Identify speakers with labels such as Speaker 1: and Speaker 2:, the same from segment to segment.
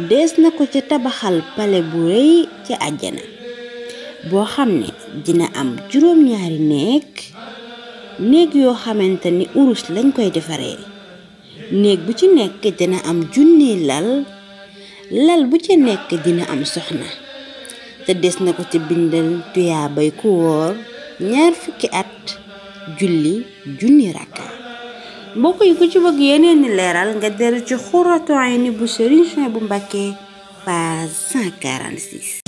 Speaker 1: des na ko ci tabaxal pale bu rëy ci àjjana boo xam ne dina am juróom ñaari néeg néeg yoo xamante ni urus lañ koy defaree néeg bu ci nekk dina am junni lal lal bu ci nekk dina am soxna te des na ko ci bindal tuyaabay ku wóor ñaar fukki at julli junni rakka mbokk yi ku ci bëgg yeneen leeral nga dellu ci xurratu ayni bu Serigne Souhaïbou Mbacké page 146.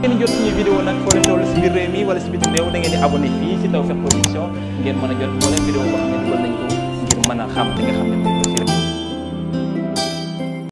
Speaker 2: ngeen jot suñu vidéo nag foo leen toll si biir réew mi wala si bitim réew da ngeen di abonné fii si Tawfekh Production ngeen mën
Speaker 1: a jot moo leen vidéo boo xam ne dugal nañ ko ngir mën a xam li nga xam ne